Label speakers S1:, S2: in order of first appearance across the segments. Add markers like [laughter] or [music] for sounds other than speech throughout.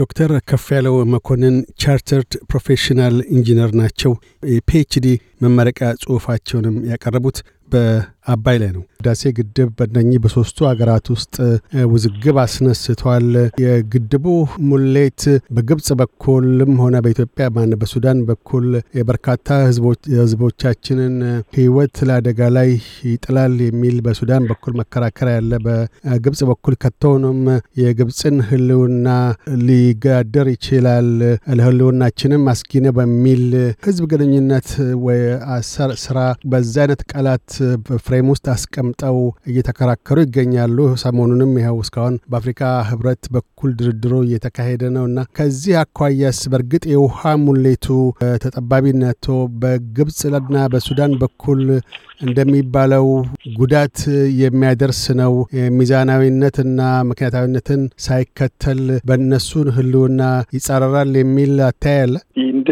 S1: ዶክተር ከፍ ያለው መኮንን ቻርተርድ ፕሮፌሽናል ኢንጂነር ናቸው። የፒኤችዲ መመረቂያ ጽሑፋቸውንም ያቀረቡት በአባይ ላይ ነው። ህዳሴ ግድብ በእነኚህ በሶስቱ ሀገራት ውስጥ ውዝግብ አስነስቷል። የግድቡ ሙሌት በግብጽ በኩልም ሆነ በኢትዮጵያ ማን በሱዳን በኩል የበርካታ ህዝቦቻችንን ህይወት ለአደጋ ላይ ይጥላል የሚል በሱዳን በኩል መከራከሪያ ያለ፣ በግብጽ በኩል ከቶውንም የግብፅን ህልውና ሊገዳደር ይችላል ለህልውናችንም አስጊ ነው በሚል ህዝብ ግንኙነት ወይ ስራ በዛ አይነት ቃላት ፍሬም ውስጥ አስቀምጠው እየተከራከሩ ይገኛሉ። ሰሞኑንም ይኸው እስካሁን በአፍሪካ ህብረት በኩል ድርድሩ እየተካሄደ ነው እና ከዚህ አኳያስ በእርግጥ የውሃ ሙሌቱ ተጠባቢነቱ በግብፅና በሱዳን በኩል እንደሚባለው ጉዳት የሚያደርስ ነው። ሚዛናዊነትና ምክንያታዊነትን ሳይከተል በእነሱን ህልውና ይጻረራል የሚል አታያለ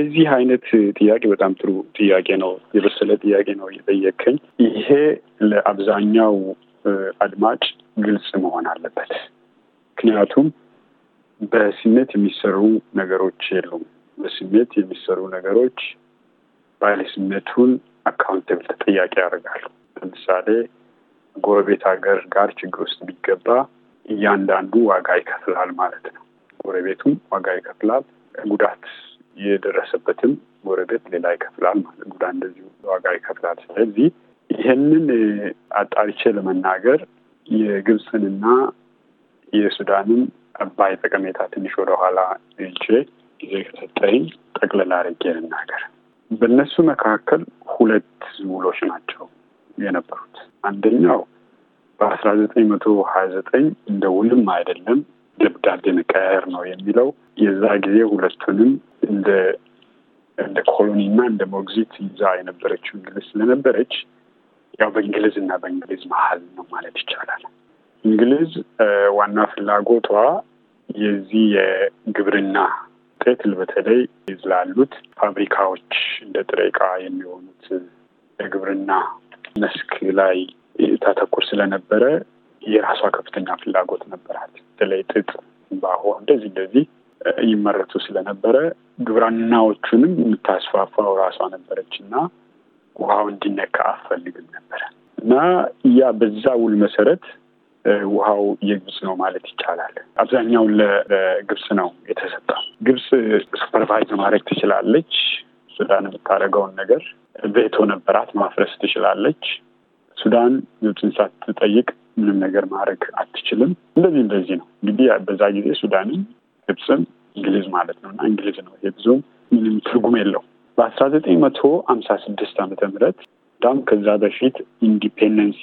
S2: እንደዚህ አይነት ጥያቄ በጣም ጥሩ ጥያቄ ነው፣ የበሰለ ጥያቄ ነው እየጠየከኝ ይሄ ለአብዛኛው አድማጭ ግልጽ መሆን አለበት። ምክንያቱም በስሜት የሚሰሩ ነገሮች የሉም። በስሜት የሚሰሩ ነገሮች ባለስሜቱን አካውንተብል ተጠያቂ ያደርጋሉ። ለምሳሌ ጎረቤት ሀገር ጋር ችግር ውስጥ ቢገባ እያንዳንዱ ዋጋ ይከፍላል ማለት ነው። ጎረቤቱም ዋጋ ይከፍላል። ጉዳት የደረሰበትም ጎረቤት ሌላ ይከፍላል ማለት ጉዳ እንደዚሁ ዋጋ ይከፍላል። ስለዚህ ይህንን አጣርቼ ለመናገር የግብፅንና የሱዳንን አባይ ጠቀሜታ ትንሽ ወደኋላ ይዤ ጊዜ ከሰጠኝ ጠቅለል አድርጌ ልናገር። በእነሱ መካከል ሁለት ውሎች ናቸው የነበሩት። አንደኛው በአስራ ዘጠኝ መቶ ሀያ ዘጠኝ እንደ ውልም አይደለም ደብዳቤ መቀያየር ነው የሚለው የዛ ጊዜ ሁለቱንም እንደ እንደ ኮሎኒና እንደ ሞግዚት ይዛ የነበረችው እንግሊዝ ስለነበረች ያው በእንግሊዝ እና በእንግሊዝ መሀል ነው ማለት ይቻላል። እንግሊዝ ዋና ፍላጎቷ የዚህ የግብርና ውጤት በተለይ ስላሉት ፋብሪካዎች እንደ ጥሬ ዕቃ የሚሆኑት የግብርና መስክ ላይ ታተኩር ስለነበረ የራሷ ከፍተኛ ፍላጎት ነበራት። በተለይ ጥጥ፣ ባሆ እንደዚህ እንደዚህ ይመረቱ ስለነበረ ግብርናዎቹንም የምታስፋፋው ራሷ ነበረች እና ውሃው እንዲነካ አፈልግም ነበረ እና ያ በዛ ውል መሰረት ውሃው የግብፅ ነው ማለት ይቻላል። አብዛኛውን ለግብፅ ነው የተሰጠው። ግብፅ ሱፐርቫይዝ ማድረግ ትችላለች። ሱዳን የምታደርገውን ነገር ቤቶ ነበራት፣ ማፍረስ ትችላለች። ሱዳን ግብፅን ሳትጠይቅ ምንም ነገር ማድረግ አትችልም። እንደዚህ እንደዚህ ነው እንግዲህ በዛ ጊዜ ሱዳንን፣ ግብፅን እንግሊዝ ማለት ነው እና እንግሊዝ ነው ይሄ ብዙም ምንም ትርጉም የለው። በአስራ ዘጠኝ መቶ ሀምሳ ስድስት ዓመተ ምህረት ዳም ከዛ በፊት ኢንዲፔንደንሲ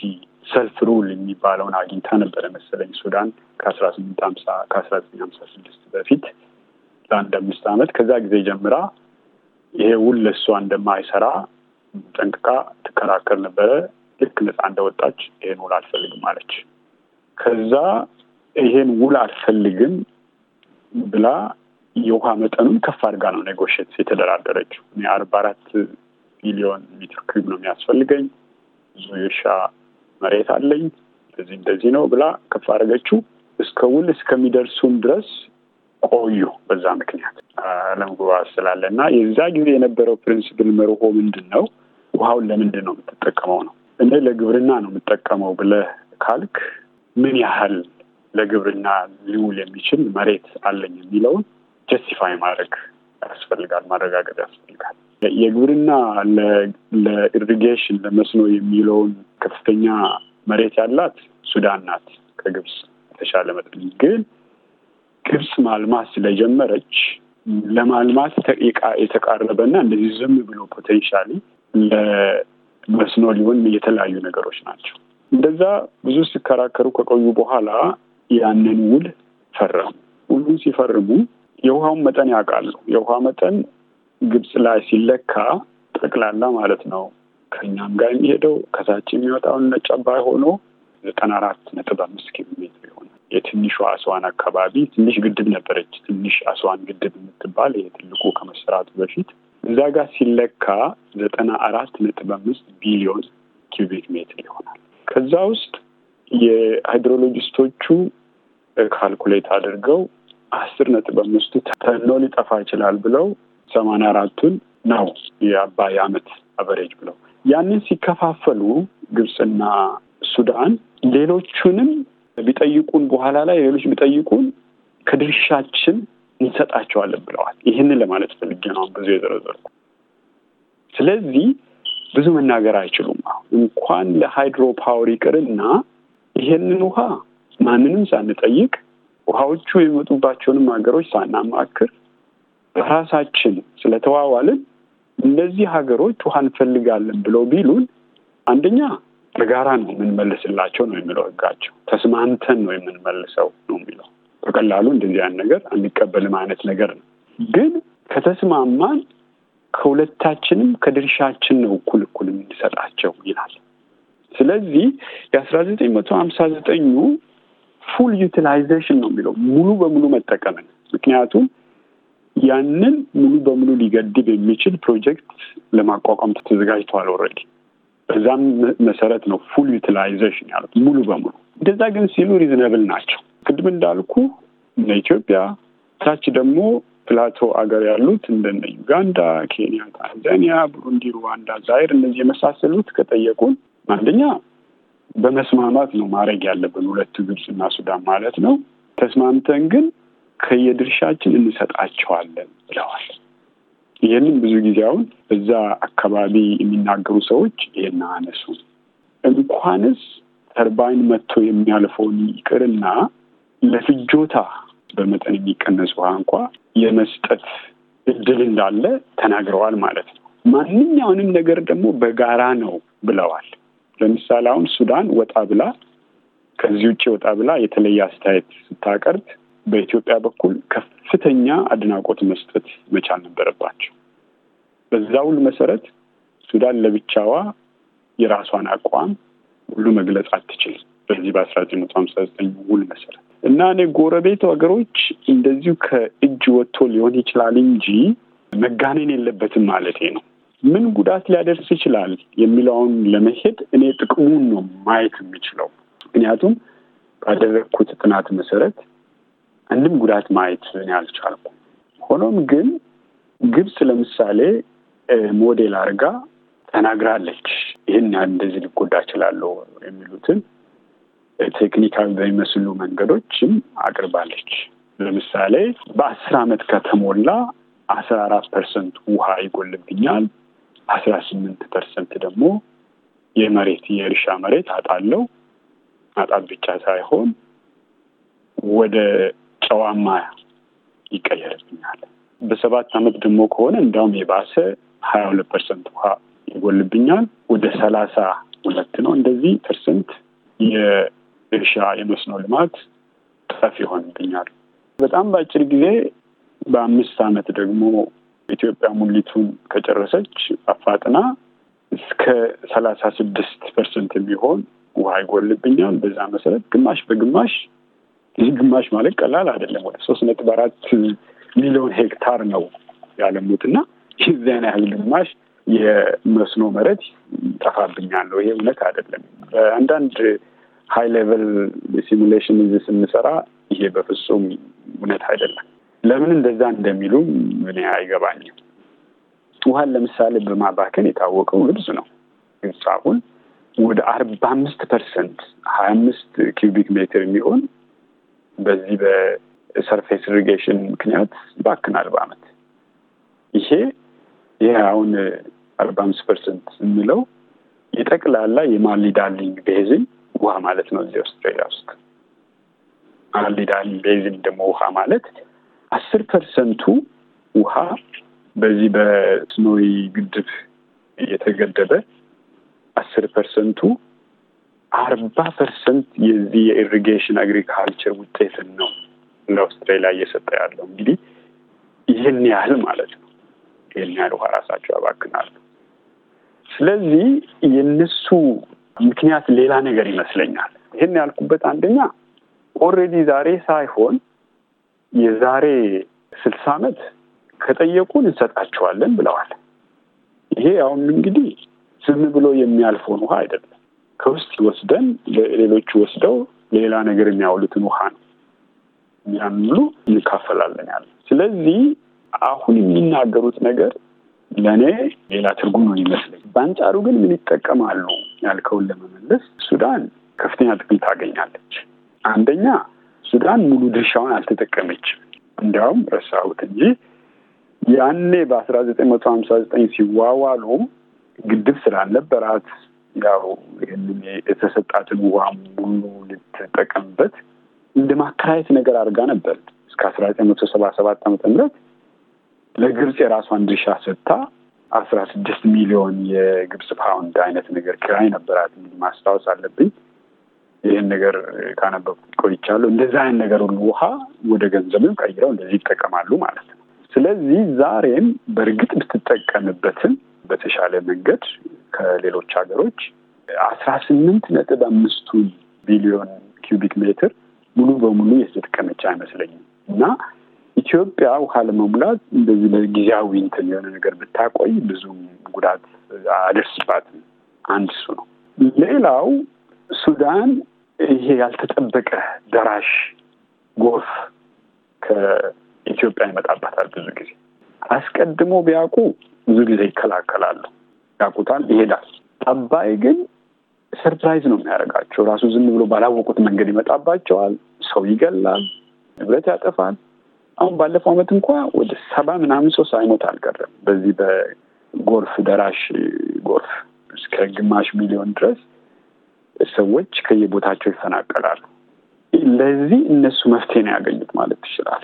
S2: ሰልፍ ሩል የሚባለውን አግኝታ ነበረ መሰለኝ ሱዳን ከአስራ ስምንት ሀምሳ ከአስራ ዘጠኝ ሀምሳ ስድስት በፊት ለአንድ አምስት ዓመት ከዛ ጊዜ ጀምራ ይሄ ውል ለእሷ እንደማይሰራ ጠንቅቃ ትከራከር ነበረ። ልክ ነፃ እንደወጣች ይሄን ውል አልፈልግም አለች። ከዛ ይሄን ውል አልፈልግም ብላ የውሃ መጠኑን ከፍ አድርጋ ነው ኔጎሽት የተደራደረችው። እኔ አርባ አራት ቢሊዮን ሜትር ኪዩብ ነው የሚያስፈልገኝ፣ ብዙ የእርሻ መሬት አለኝ፣ እንደዚህ እንደዚህ ነው ብላ ከፍ አድርገችው። እስከ ውል እስከሚደርሱን ድረስ ቆዩ። በዛ ምክንያት ለመግባባት ስላለ እና የዛ ጊዜ የነበረው ፕሪንስፕል መርሆ ምንድን ነው? ውሃውን ለምንድን ነው የምትጠቀመው ነው እኔ ለግብርና ነው የምጠቀመው ብለህ ካልክ ምን ያህል ለግብርና ሊውል የሚችል መሬት አለኝ የሚለውን ጀስቲፋይ ማድረግ ያስፈልጋል፣ ማረጋገጥ ያስፈልጋል። የግብርና ለኢሪጌሽን ለመስኖ የሚለውን ከፍተኛ መሬት ያላት ሱዳን ናት ከግብፅ የተሻለ መጠን ግን ግብፅ ማልማት ስለጀመረች ለማልማት የተቃረበ እና እንደዚህ ዝም ብሎ ፖቴንሻሊ መስኖ ሊሆን የተለያዩ ነገሮች ናቸው። እንደዛ ብዙ ሲከራከሩ ከቆዩ በኋላ ያንን ውል ፈረሙ። ውሉን ሲፈርሙ የውሃውን መጠን ያውቃሉ። የውሃ መጠን ግብፅ ላይ ሲለካ ጠቅላላ ማለት ነው ከእኛም ጋር የሚሄደው ከታች የሚወጣውን ነጫባ ሆኖ ዘጠና አራት ነጥብ አምስት ኪሎ ሜትር የሆነ የትንሹ አስዋን አካባቢ ትንሽ ግድብ ነበረች። ትንሽ አስዋን ግድብ የምትባል ይሄ ትልቁ ከመሰራቱ በፊት እዛ ጋር ሲለካ ዘጠና አራት ነጥብ አምስት ቢሊዮን ኪዩቢክ ሜትር ይሆናል። ከዛ ውስጥ የሃይድሮሎጂስቶቹ ካልኩሌት አድርገው አስር ነጥብ አምስቱ ተኖ ሊጠፋ ይችላል ብለው ሰማንያ አራቱን ነው የአባይ አመት አቨሬጅ ብለው ያንን ሲከፋፈሉ ግብፅና ሱዳን ሌሎቹንም ቢጠይቁን በኋላ ላይ ሌሎች ቢጠይቁን ከድርሻችን እንሰጣቸዋለን ብለዋል። ይህንን ለማለት ፈልጌ ነው ብዙ የዘረዘርኩ። ስለዚህ ብዙ መናገር አይችሉም። አሁን እንኳን ለሃይድሮ ፓወር ይቅርና ይሄንን ውሃ ማንንም ሳንጠይቅ ውሃዎቹ የሚመጡባቸውንም ሀገሮች ሳናማክር በራሳችን ስለተዋዋልን እነዚህ ሀገሮች ውሃ እንፈልጋለን ብለው ቢሉን አንደኛ በጋራ ነው የምንመልስላቸው ነው የሚለው ህጋቸው ተስማምተን ነው የምንመልሰው ነው የሚለው በቀላሉ እንደዚህ ያን ነገር አንቀበልም አይነት ነገር ነው። ግን ከተስማማን ከሁለታችንም ከድርሻችን ነው እኩል እኩል የምንሰጣቸው ይላል። ስለዚህ የአስራ ዘጠኝ መቶ ሀምሳ ዘጠኙ ፉል ዩቲላይዜሽን ነው የሚለው ሙሉ በሙሉ መጠቀምን። ምክንያቱም ያንን ሙሉ በሙሉ ሊገድብ የሚችል ፕሮጀክት ለማቋቋም ተዘጋጅተዋል ኦልሬዲ። በዛም መሰረት ነው ፉል ዩቲላይዜሽን ያሉት ሙሉ በሙሉ። እንደዛ ግን ሲሉ ሪዝነብል ናቸው። ቅድም እንዳልኩ እነ ኢትዮጵያ ታች ደግሞ ፕላቶ አገር ያሉት እንደነ ዩጋንዳ፣ ኬንያ፣ ታንዛኒያ፣ ቡሩንዲ፣ ሩዋንዳ፣ ዛይር እነዚህ የመሳሰሉት ከጠየቁን አንደኛ በመስማማት ነው ማድረግ ያለብን ሁለቱ እና ሱዳን ማለት ነው። ተስማምተን ግን ከየድርሻችን እንሰጣቸዋለን ብለዋል። ይህንን ብዙ ጊዜ አሁን በዛ አካባቢ የሚናገሩ ሰዎች ይህን አነሱ እንኳንስ ተርባይን መጥቶ የሚያልፈውን ይቅርና ለፍጆታ በመጠን የሚቀነስ ውሃ እንኳ የመስጠት እድል እንዳለ ተናግረዋል ማለት ነው። ማንኛውንም ነገር ደግሞ በጋራ ነው ብለዋል። ለምሳሌ አሁን ሱዳን ወጣ ብላ ከዚህ ውጭ ወጣ ብላ የተለየ አስተያየት ስታቀርብ በኢትዮጵያ በኩል ከፍተኛ አድናቆት መስጠት መቻል ነበረባቸው። በዛ ውል መሰረት ሱዳን ለብቻዋ የራሷን አቋም ሁሉ መግለጽ አትችልም። በዚህ በአስራ ዘጠኝ መቶ ሀምሳ ዘጠኝ ውል መሰረት እና እኔ ጎረቤት ሀገሮች እንደዚሁ ከእጅ ወጥቶ ሊሆን ይችላል እንጂ መጋነን የለበትም ማለቴ ነው። ምን ጉዳት ሊያደርስ ይችላል የሚለውን ለመሄድ እኔ ጥቅሙን ነው ማየት የሚችለው። ምክንያቱም ባደረግኩት ጥናት መሰረት አንድም ጉዳት ማየት እኔ አልቻልኩም። ሆኖም ግን ግብጽ ለምሳሌ ሞዴል አድርጋ ተናግራለች። ይህን እንደዚህ ሊጎዳ እችላለሁ የሚሉትን ቴክኒካዊ በሚመስሉ መንገዶችም አቅርባለች። ለምሳሌ በአስር ዓመት ከተሞላ አስራ አራት ፐርሰንት ውሃ ይጎልብኛል፣ አስራ ስምንት ፐርሰንት ደግሞ የመሬት የእርሻ መሬት አጣለው። አጣት ብቻ ሳይሆን ወደ ጨዋማ ይቀየርብኛል። በሰባት ዓመት ደግሞ ከሆነ እንዲያውም የባሰ ሀያ ሁለት ፐርሰንት ውሃ ይጎልብኛል ወደ ሰላሳ ሁለት ነው። እንደዚህ ፐርሰንት የእርሻ የመስኖ ልማት ጠፍ ይሆንብኛል። በጣም በአጭር ጊዜ በአምስት ዓመት ደግሞ ኢትዮጵያ ሙሊቱን ከጨረሰች አፋጥና እስከ ሰላሳ ስድስት ፐርሰንት የሚሆን ውሃ ይጎልብኛል። በዛ መሰረት ግማሽ በግማሽ ይህ ግማሽ ማለት ቀላል አይደለም። ወደ ሶስት ነጥብ አራት ሚሊዮን ሄክታር ነው ያለሙት እና ይዚያን ያህል ግማሽ የመስኖ መሬት ጠፋብኛለሁ። ይሄ እውነት አይደለም። በአንዳንድ ሀይ ሌቨል ሲሙሌሽን ስንሰራ ይሄ በፍጹም እውነት አይደለም። ለምን እንደዛ እንደሚሉ ምን አይገባኝም። ውሃን ለምሳሌ በማባከን የታወቀው ግብፅ ነው። ግብፅ አሁን ወደ አርባ አምስት ፐርሰንት ሀያ አምስት ኪዩቢክ ሜትር የሚሆን በዚህ በሰርፌስ ኢሪጌሽን ምክንያት ባክናል በአመት ይሄ ይህ አሁን አርባ አምስት ፐርሰንት የምለው የጠቅላላ የማሊዳሊንግ ዳርሊንግ ቤዝን ውሃ ማለት ነው። እዚህ አውስትራሊያ ውስጥ አርሊዳል ቤዚን ደግሞ ውሃ ማለት አስር ፐርሰንቱ ውሃ በዚህ በስኖይ ግድብ እየተገደበ አስር ፐርሰንቱ አርባ ፐርሰንት የዚህ የኢሪጌሽን አግሪካልቸር ውጤትን ነው ለአውስትራሊያ እየሰጠ ያለው እንግዲህ ይህን ያህል ማለት ነው። ይህን ያህል ውሃ ራሳቸው ያባክናሉ። ስለዚህ የነሱ ምክንያት ሌላ ነገር ይመስለኛል። ይህን ያልኩበት አንደኛ ኦልሬዲ ዛሬ ሳይሆን የዛሬ ስልሳ አመት ከጠየቁን እንሰጣቸዋለን ብለዋል። ይሄ አሁን እንግዲህ ዝም ብሎ የሚያልፈውን ውሃ አይደለም። ከውስጥ ወስደን ሌሎቹ ወስደው ሌላ ነገር የሚያውሉትን ውሃ ነው። የሚያምሉ እንካፈላለን ያለ። ስለዚህ አሁን የሚናገሩት ነገር ለእኔ ሌላ ትርጉም ነው ይመስለኝ። በአንጻሩ ግን ምን ይጠቀማሉ? ያልከውን ለመመለስ ሱዳን ከፍተኛ ጥቅም ታገኛለች። አንደኛ ሱዳን ሙሉ ድርሻውን አልተጠቀመችም። እንዲያውም ረሳሁት እንጂ ያኔ በአስራ ዘጠኝ መቶ ሀምሳ ዘጠኝ ሲዋዋሉ ግድብ ስላልነበራት ያው ይህንን የተሰጣትን ውሃ ሙሉ ልትጠቀምበት እንደ ማከራየት ነገር አድርጋ ነበር። እስከ አስራ ዘጠኝ መቶ ሰባ ሰባት ዓመተ ምህረት ለግብፅ የራሷን ድርሻ ሰጥታ አስራ ስድስት ሚሊዮን የግብጽ ፓውንድ አይነት ነገር ኪራይ ነበራት። እንግዲህ ማስታወስ አለብኝ። ይህን ነገር ካነበብኩት ቆይቻለሁ። እንደዚህ አይነት ነገር ሁሉ ውሃ ወደ ገንዘብም ቀይረው እንደዚህ ይጠቀማሉ ማለት ነው። ስለዚህ ዛሬም በእርግጥ ብትጠቀምበትም በተሻለ መንገድ ከሌሎች ሀገሮች አስራ ስምንት ነጥብ አምስቱን ቢሊዮን ኪዩቢክ ሜትር ሙሉ በሙሉ የተጠቀመች አይመስለኝም እና ኢትዮጵያ ውሃ ለመሙላት እንደዚህ ለጊዜያዊ እንትን የሆነ ነገር ብታቆይ ብዙም ጉዳት አደርስባትም። አንድ እሱ ነው። ሌላው ሱዳን ይሄ ያልተጠበቀ ደራሽ ጎርፍ ከኢትዮጵያ ይመጣባታል። ብዙ ጊዜ አስቀድሞ ቢያውቁ ብዙ ጊዜ ይከላከላሉ፣ ያውቁታል፣ ይሄዳል። አባይ ግን ሰርፕራይዝ ነው የሚያደርጋቸው። ራሱ ዝም ብሎ ባላወቁት መንገድ ይመጣባቸዋል። ሰው ይገላል፣ ንብረት ያጠፋል። አሁን ባለፈው ዓመት እንኳ ወደ ሰባ ምናምን ሰው ሳይሞት አልቀረም። በዚህ በጎርፍ ደራሽ ጎርፍ እስከ ግማሽ ሚሊዮን ድረስ ሰዎች ከየቦታቸው ይፈናቀላሉ። ለዚህ እነሱ መፍትሄ ነው ያገኙት ማለት ትችላል።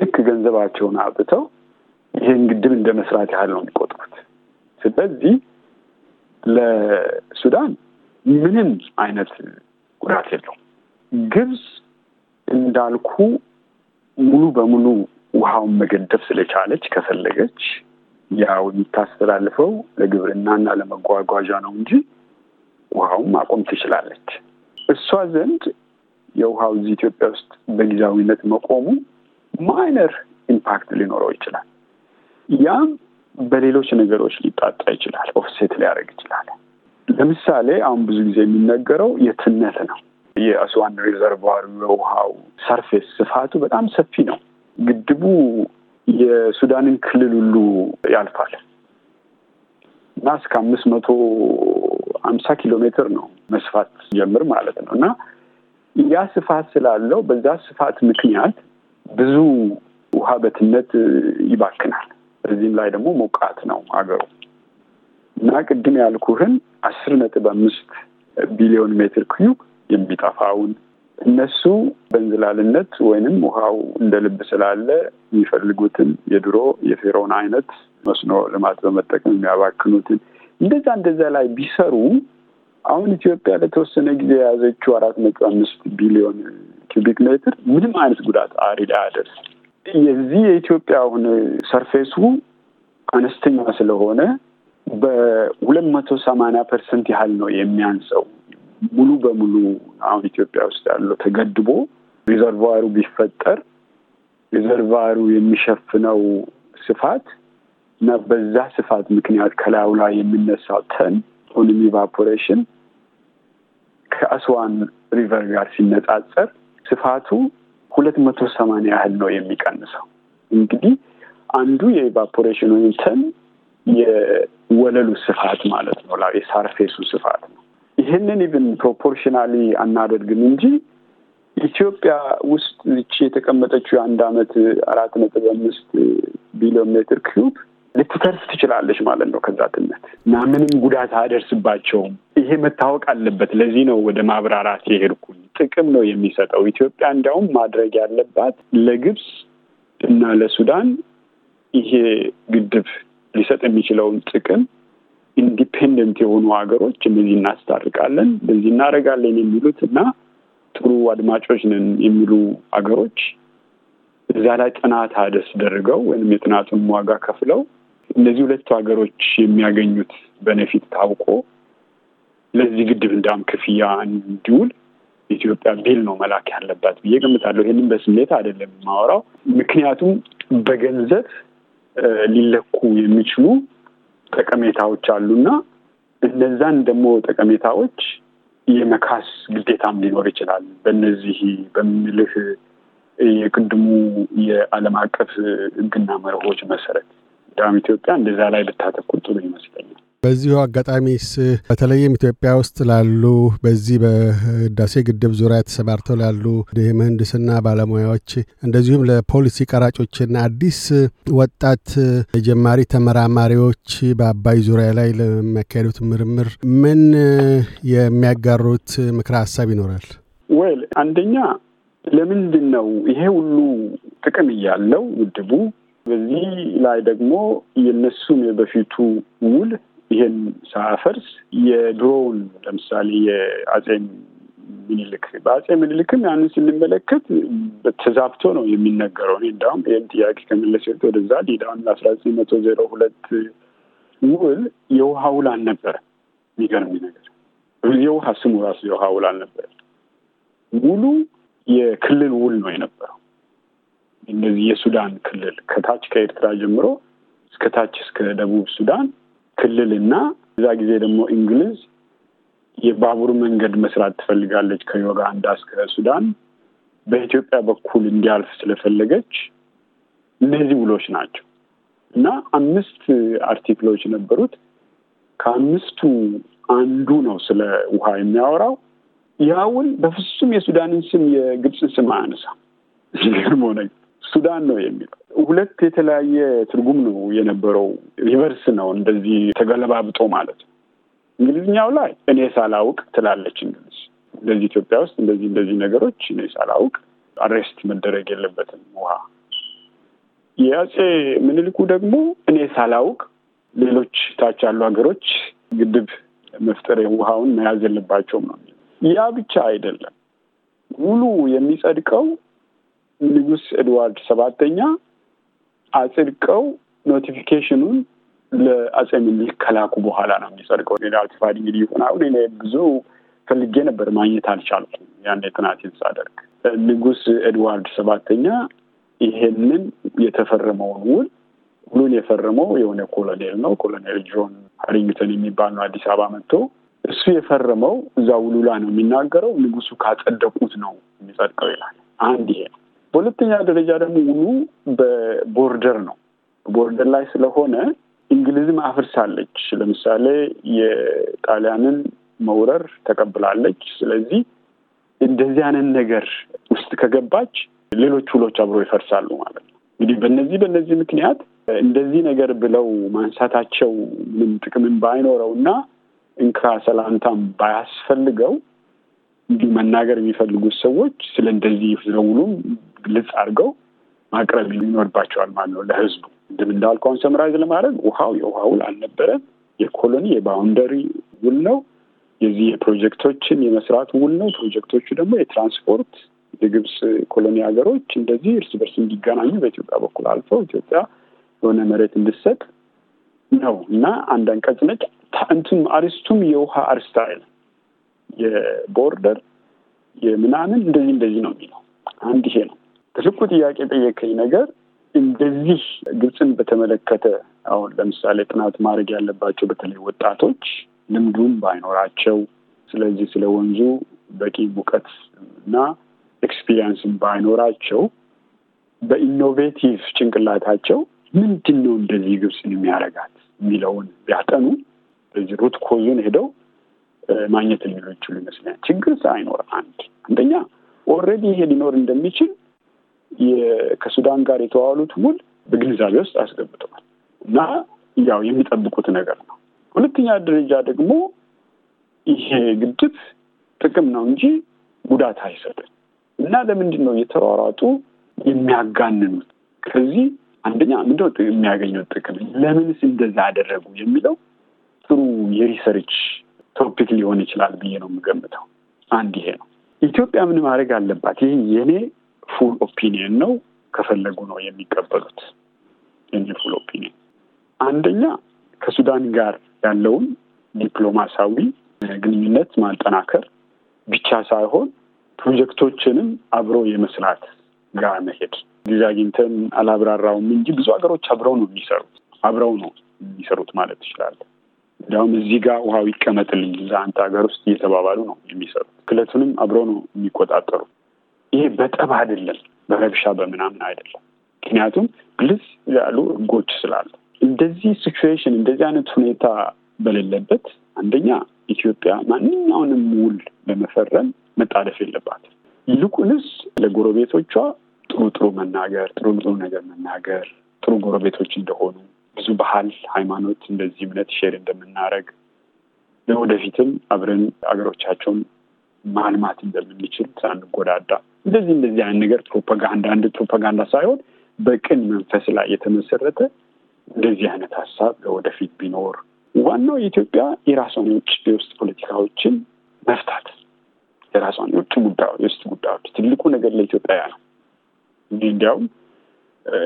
S2: ልክ ገንዘባቸውን አብተው ይህን ግድብ እንደ መስራት ያህል ነው የሚቆጥሩት። ስለዚህ ለሱዳን ምንም አይነት ጉዳት የለውም። ግብፅ እንዳልኩ ሙሉ በሙሉ ውሃውን መገደብ ስለቻለች ከፈለገች ያው የምታስተላልፈው ለግብርናና ለመጓጓዣ ነው እንጂ ውሃውን ማቆም ትችላለች። እሷ ዘንድ የውሃው እዚህ ኢትዮጵያ ውስጥ በጊዜያዊነት መቆሙ ማይነር ኢምፓክት ሊኖረው ይችላል። ያም በሌሎች ነገሮች ሊጣጣ ይችላል፣ ኦፍሴት ሊያደርግ ይችላል። ለምሳሌ አሁን ብዙ ጊዜ የሚነገረው የትነት ነው። የአስዋን ሪዘርቫሩ የውሃው ሰርፌስ ስፋቱ በጣም ሰፊ ነው። ግድቡ የሱዳንን ክልል ሁሉ ያልፋል እና እስከ አምስት መቶ አምሳ ኪሎ ሜትር ነው መስፋት ጀምር ማለት ነው እና ያ ስፋት ስላለው በዛ ስፋት ምክንያት ብዙ ውሃ በትነት ይባክናል። በዚህም ላይ ደግሞ ሞቃት ነው አገሩ እና ቅድም ያልኩህን አስር ነጥብ አምስት ቢሊዮን ሜትር ክዩብ የሚጠፋውን እነሱ በእንዝላልነት ወይንም ውሃው እንደ ልብ ስላለ የሚፈልጉትን የድሮ የፌሮን አይነት መስኖ ልማት በመጠቀም የሚያባክኑትን እንደዛ እንደዛ ላይ ቢሰሩ አሁን ኢትዮጵያ ለተወሰነ ጊዜ የያዘችው አራት ነጥብ አምስት ቢሊዮን ኪቢክ ሜትር ምንም አይነት ጉዳት ላይ አደርስ የዚህ የኢትዮጵያ አሁን ሰርፌሱ አነስተኛ ስለሆነ በሁለት መቶ ሰማኒያ ፐርሰንት ያህል ነው የሚያንሰው ሙሉ በሙሉ አሁን ኢትዮጵያ ውስጥ ያለው ተገድቦ ሪዘርቫሩ ቢፈጠር ሪዘርቫሩ የሚሸፍነው ስፋት እና በዛ ስፋት ምክንያት ከላዩ ላይ የሚነሳው ተን ኦንም ኢቫፖሬሽን ከአስዋን ሪቨር ጋር ሲነጻጸር ስፋቱ ሁለት መቶ ሰማንያ ያህል ነው የሚቀንሰው። እንግዲህ አንዱ የኢቫፖሬሽን ወይም ተን የወለሉ ስፋት ማለት ነው፣ የሳርፌሱ ስፋት ነው። ይህንን ኢቭን ፕሮፖርሽናሊ አናደርግም እንጂ ኢትዮጵያ ውስጥ ይቺ የተቀመጠችው የአንድ አመት አራት ነጥብ አምስት ቢሊዮን ሜትር ኪዩብ ልትተርፍ ትችላለች ማለት ነው ከዛ ትነት እና ምንም ጉዳት አያደርስባቸውም። ይሄ መታወቅ አለበት። ለዚህ ነው ወደ ማብራራት የሄድኩኝ። ጥቅም ነው የሚሰጠው። ኢትዮጵያ እንዲያውም ማድረግ ያለባት ለግብፅ እና ለሱዳን ይሄ ግድብ ሊሰጥ የሚችለውን ጥቅም ኢንዲፔንደንት የሆኑ ሀገሮች እንደዚህ እናስታርቃለን፣ እንደዚህ እናደርጋለን የሚሉት እና ጥሩ አድማጮች ነን የሚሉ ሀገሮች እዛ ላይ ጥናት አደስ ደርገው ወይም የጥናቱን ዋጋ ከፍለው እነዚህ ሁለቱ ሀገሮች የሚያገኙት በነፊት ታውቆ ለዚህ ግድብ እንዳም ክፍያ እንዲውል ኢትዮጵያ ቢል ነው መላክ ያለባት ብዬ ገምታለሁ። ይህንም በስሜት አይደለም የማወራው። ምክንያቱም በገንዘብ ሊለኩ የሚችሉ ጠቀሜታዎች አሉና እነዛን ደግሞ ጠቀሜታዎች የመካስ ግዴታም ሊኖር ይችላል። በነዚህ በምልህ የቅድሙ የዓለም አቀፍ ሕግና መርሆች መሰረት ዳም ኢትዮጵያ እንደዛ ላይ ብታተኩር ጥሩ ይመስለኛል።
S1: በዚሁ አጋጣሚስ በተለይም ኢትዮጵያ ውስጥ ላሉ በዚህ በህዳሴ ግድብ ዙሪያ ተሰማርተው ላሉ የምህንድስና ባለሙያዎች እንደዚሁም ለፖሊሲ ቀራጮችና አዲስ ወጣት ጀማሪ ተመራማሪዎች በአባይ ዙሪያ ላይ ለሚያካሄዱት ምርምር ምን የሚያጋሩት ምክረ ሀሳብ ይኖራል?
S2: ወይል አንደኛ ለምንድን ነው ይሄ ሁሉ ጥቅም እያለው ግድቡ በዚህ ላይ ደግሞ የነሱን የበፊቱ ውል ይህን ሳፈርስ የድሮውን ለምሳሌ የአጼ ምኒልክ በአጼ ምኒልክም ያንን ስንመለከት ተዛብቶ ነው የሚነገረው። እኔ እንዲያውም ይህም ጥያቄ ከመለስ ወጥ ወደዛ ሊዳውን አስራ ዘጠኝ መቶ ዜሮ ሁለት ውል የውሃ ውል አልነበረ። የሚገርም ነገር የውሃ ስሙ ራሱ የውሃ ውል አልነበረ። ሙሉ የክልል ውል ነው የነበረው። እነዚህ የሱዳን ክልል ከታች ከኤርትራ ጀምሮ እስከ ታች እስከ ደቡብ ሱዳን ክልልና እዛ ጊዜ ደግሞ እንግሊዝ የባቡር መንገድ መስራት ትፈልጋለች ከዩጋንዳ እስከ ሱዳን በኢትዮጵያ በኩል እንዲያልፍ ስለፈለገች እነዚህ ውሎች ናቸው እና አምስት አርቲክሎች ነበሩት። ከአምስቱ አንዱ ነው ስለ ውሃ የሚያወራው። ያውን በፍጹም የሱዳንን ስም የግብፅን ስም አያነሳም። [laughs] የሚገርመው ሱዳን ነው የሚለው ሁለት የተለያየ ትርጉም ነው የነበረው። ሪቨርስ ነው እንደዚህ ተገለባብጦ ማለት ነው። እንግሊዝኛው ላይ እኔ ሳላውቅ ትላለች እንግሊዝ። እንደዚህ ኢትዮጵያ ውስጥ እንደዚህ እንደዚህ ነገሮች እኔ ሳላውቅ አሬስት መደረግ የለበትም ውሃ። የአፄ ምኒልኩ ደግሞ እኔ ሳላውቅ ሌሎች ታች ያሉ ሀገሮች ግድብ መፍጠር ውሃውን መያዝ የለባቸውም ነው። ያ ብቻ አይደለም ሙሉ የሚጸድቀው ንጉስ ኤድዋርድ ሰባተኛ አጽድቀው ኖቲፊኬሽኑን ለአጼ ምኒልክ ከላኩ በኋላ ነው የሚጸድቀው። ሌላ አርቲፋድ እንግዲህ አሁን እኔ ብዙ ፈልጌ ነበር ማግኘት አልቻልኩም። ያን ጥናቴን ሳደርግ ንጉስ ኤድዋርድ ሰባተኛ ይሄንን የተፈረመውን ውል ሁሉን የፈረመው የሆነ ኮሎኔል ነው። ኮሎኔል ጆን ሀሪንግተን የሚባል ነው። አዲስ አበባ መጥቶ እሱ የፈረመው እዛ ውሉ ላይ ነው የሚናገረው። ንጉሱ ካጸደቁት ነው የሚጸድቀው ይላል። አንድ ይሄ ነው። በሁለተኛ ደረጃ ደግሞ ውሉ በቦርደር ነው። ቦርደር ላይ ስለሆነ እንግሊዝም አፍርሳለች። ለምሳሌ የጣሊያንን መውረር ተቀብላለች። ስለዚህ እንደዚህ አይነት ነገር ውስጥ ከገባች ሌሎች ውሎች አብሮ ይፈርሳሉ ማለት ነው። እንግዲህ በነዚህ በነዚህ ምክንያት እንደዚህ ነገር ብለው ማንሳታቸው ምንም ጥቅምን ባይኖረው እና እንካ ሰላምታም ባያስፈልገው መናገር የሚፈልጉት ሰዎች ስለ እንደዚህ ስለውሉም ግልጽ አድርገው ማቅረብ ይኖርባቸዋል ማለት ነው ለህዝቡ። እንደም እንዳልከውን ሰምራይዝ ለማድረግ ውሃው የውሃ ውል አልነበረም። የኮሎኒ የባውንደሪ ውል ነው። የዚህ የፕሮጀክቶችን የመስራት ውል ነው። ፕሮጀክቶቹ ደግሞ የትራንስፖርት የግብፅ ኮሎኒ ሀገሮች እንደዚህ እርስ በርስ እንዲገናኙ በኢትዮጵያ በኩል አልፈው ኢትዮጵያ የሆነ መሬት እንድሰጥ ነው እና አንድ አንቀጽ እንትም አርስቱም የውሃ አርስት የቦርደር የምናምን እንደዚህ እንደዚህ ነው የሚለው አንድ ይሄ ነው። ትልቁ ጥያቄ ጠየከኝ ነገር እንደዚህ ግብፅን በተመለከተ አሁን ለምሳሌ ጥናት ማድረግ ያለባቸው በተለይ ወጣቶች ልምዱም ባይኖራቸው ስለዚህ ስለ ወንዙ በቂ ሙቀት እና ኤክስፒሪንስም ባይኖራቸው በኢኖቬቲቭ ጭንቅላታቸው ምንድን ነው እንደዚህ ግብፅን የሚያደርጋት የሚለውን ቢያጠኑ በዚህ ሩት ኮዙን ሄደው ማግኘት የሚችሉ ይመስለኛል። ችግር ሳይኖር አንድ አንደኛ ኦልሬዲ ይሄ ሊኖር እንደሚችል ከሱዳን ጋር የተዋሉት ውል በግንዛቤ ውስጥ አስገብተዋል እና ያው የሚጠብቁት ነገር ነው። ሁለተኛ ደረጃ ደግሞ ይሄ ግድብ ጥቅም ነው እንጂ ጉዳት አይሰጥም እና ለምንድን ነው እየተሯሯጡ የሚያጋንኑት? ከዚህ አንደኛ ምንድነው የሚያገኘው ጥቅም? ለምንስ እንደዛ አደረጉ የሚለው ጥሩ የሪሰርች ቶፒክ ሊሆን ይችላል ብዬ ነው የምገምተው። አንድ ይሄ ነው። ኢትዮጵያ ምን ማድረግ አለባት? ይህ የኔ ፉል ኦፒኒየን ነው። ከፈለጉ ነው የሚቀበሉት። የኔ ፉል ኦፒኒየን አንደኛ ከሱዳን ጋር ያለውን ዲፕሎማሲያዊ ግንኙነት ማጠናከር ብቻ ሳይሆን ፕሮጀክቶችንም አብሮ የመስራት ጋር መሄድ። ጊዜ አግኝተን አላብራራውም እንጂ ብዙ ሀገሮች አብረው ነው የሚሰሩት አብረው ነው የሚሰሩት ማለት ይችላለን። እንዲያውም እዚህ ጋር ውሃው ይቀመጥልኝ እዛ አንተ ሀገር ውስጥ እየተባባሉ ነው የሚሰሩ። ክለቱንም አብረው ነው የሚቆጣጠሩ። ይሄ በጠብ አይደለም፣ በረብሻ በምናምን አይደለም። ምክንያቱም ግልጽ ያሉ ህጎች ስላሉ እንደዚህ ሲቹዌሽን እንደዚህ አይነት ሁኔታ በሌለበት አንደኛ ኢትዮጵያ ማንኛውንም ውል በመፈረም መጣደፍ የለባትም። ይልቁንስ ለጎረቤቶቿ ጥሩ ጥሩ መናገር ጥሩ ጥሩ ነገር መናገር ጥሩ ጎረቤቶች እንደሆኑ ብዙ ባህል፣ ሃይማኖት፣ እንደዚህ እምነት ሼር እንደምናደርግ ለወደፊትም አብረን አገሮቻቸውን ማልማት እንደምንችል ሳንጎዳዳ እንደዚህ እንደዚህ አይነት ነገር ፕሮፓጋንዳ አንድ ፕሮፓጋንዳ ሳይሆን በቅን መንፈስ ላይ የተመሰረተ እንደዚህ አይነት ሀሳብ ለወደፊት ቢኖር ዋናው የኢትዮጵያ የራሷን የውጭ የውስጥ ፖለቲካዎችን መፍታት የራሷን የውጭ ጉዳዮች የውስጥ ጉዳዮች ትልቁ ነገር ለኢትዮጵያ ያ ነው። እንዲያውም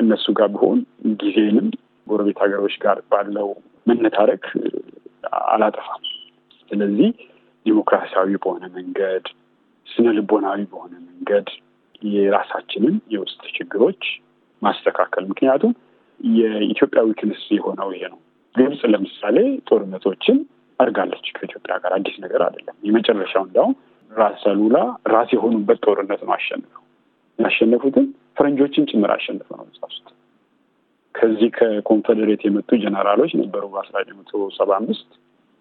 S2: እነሱ ጋር ብሆን ጊዜንም ጎረቤት ሀገሮች ጋር ባለው መነታረክ አላጠፋም። ስለዚህ ዲሞክራሲያዊ በሆነ መንገድ፣ ስነ ልቦናዊ በሆነ መንገድ የራሳችንን የውስጥ ችግሮች ማስተካከል ምክንያቱም የኢትዮጵያዊ ክንስ የሆነው ይሄ ነው። ግብጽ ለምሳሌ ጦርነቶችን አድርጋለች ከኢትዮጵያ ጋር አዲስ ነገር አይደለም። የመጨረሻው እንዲያውም ራስ አሉላ ራስ የሆኑበት ጦርነት ነው አሸንፈው ያሸነፉትን ፈረንጆችን ጭምር አሸንፈው ነው ከዚህ ከኮንፌዴሬት የመጡ ጀነራሎች ነበሩ። በአስራ ዘጠኝ መቶ ሰባ አምስት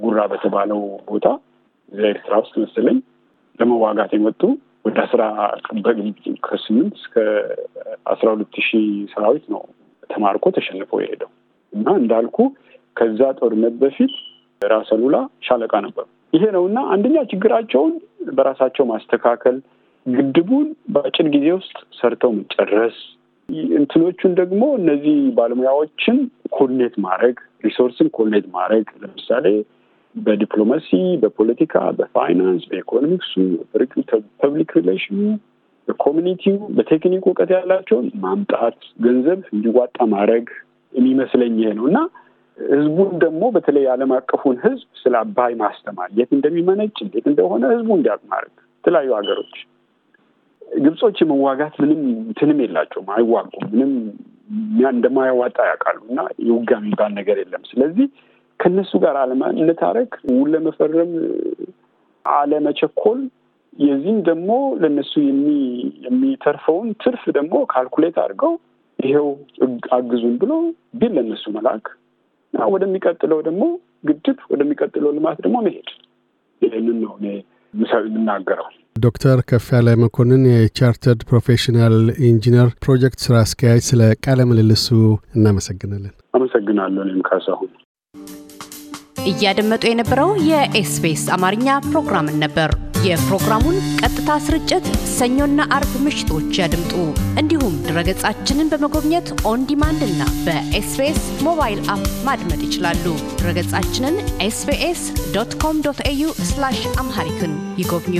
S2: ጉራ በተባለው ቦታ እዚያ ኤርትራ ውስጥ መሰለኝ ለመዋጋት የመጡ ወደ አስራ ከስምንት እስከ አስራ ሁለት ሺህ ሰራዊት ነው ተማርኮ ተሸንፎ የሄደው እና እንዳልኩ ከዛ ጦርነት በፊት ራሰ ሉላ ሻለቃ ነበሩ። ይሄ ነው እና አንደኛ ችግራቸውን በራሳቸው ማስተካከል፣ ግድቡን በአጭር ጊዜ ውስጥ ሰርተው መጨረስ እንትኖቹን ደግሞ እነዚህ ባለሙያዎችን ኮኔት ማድረግ ሪሶርስን ኮኔት ማድረግ ለምሳሌ በዲፕሎማሲ፣ በፖለቲካ፣ በፋይናንስ፣ በኢኮኖሚክሱ፣ ፐብሊክ ሪሌሽኑ፣ በኮሚኒቲው፣ በቴክኒክ እውቀት ያላቸውን ማምጣት ገንዘብ እንዲዋጣ ማድረግ የሚመስለኝ ይሄ ነው እና ህዝቡን ደግሞ በተለይ ዓለም አቀፉን ህዝብ ስለ አባይ ማስተማር የት እንደሚመነጭ እንዴት እንደሆነ ህዝቡ እንዲያውቅ ማድረግ የተለያዩ ሀገሮች ግብጾች የመዋጋት ምንም ትንም የላቸውም፣ አይዋጉም። ምንም እንደማያዋጣ ያውቃሉ እና የውጋ የሚባል ነገር የለም። ስለዚህ ከእነሱ ጋር አለመታረቅ፣ ውል ለመፈረም አለመቸኮል፣ የዚህም ደግሞ ለእነሱ የሚተርፈውን ትርፍ ደግሞ ካልኩሌት አድርገው ይሄው አግዙን ብሎ ቢል ለእነሱ መላክ እና ወደሚቀጥለው ደግሞ ግድብ ወደሚቀጥለው ልማት ደግሞ መሄድ ይህንን ነው እኔ የምናገረው።
S1: ዶክተር ከፍ ያለ መኮንን የቻርተርድ ፕሮፌሽናል ኢንጂነር ፕሮጀክት ስራ አስኪያጅ፣ ስለ ቃለ ምልልሱ እናመሰግናለን። አመሰግናለሁ። እኔም ካሳሁን። እያደመጡ የነበረው የኤስቢኤስ አማርኛ ፕሮግራምን ነበር። የፕሮግራሙን ቀጥታ ስርጭት ሰኞና አርብ ምሽቶች ያድምጡ። እንዲሁም ድረገጻችንን በመጎብኘት ኦንዲማንድ እና በኤስቢኤስ ሞባይል አፕ ማድመጥ ይችላሉ። ድረገጻችንን ኤስቢኤስ ዶት ኮም ዶት ኤዩ አምሃሪክን ይጎብኙ።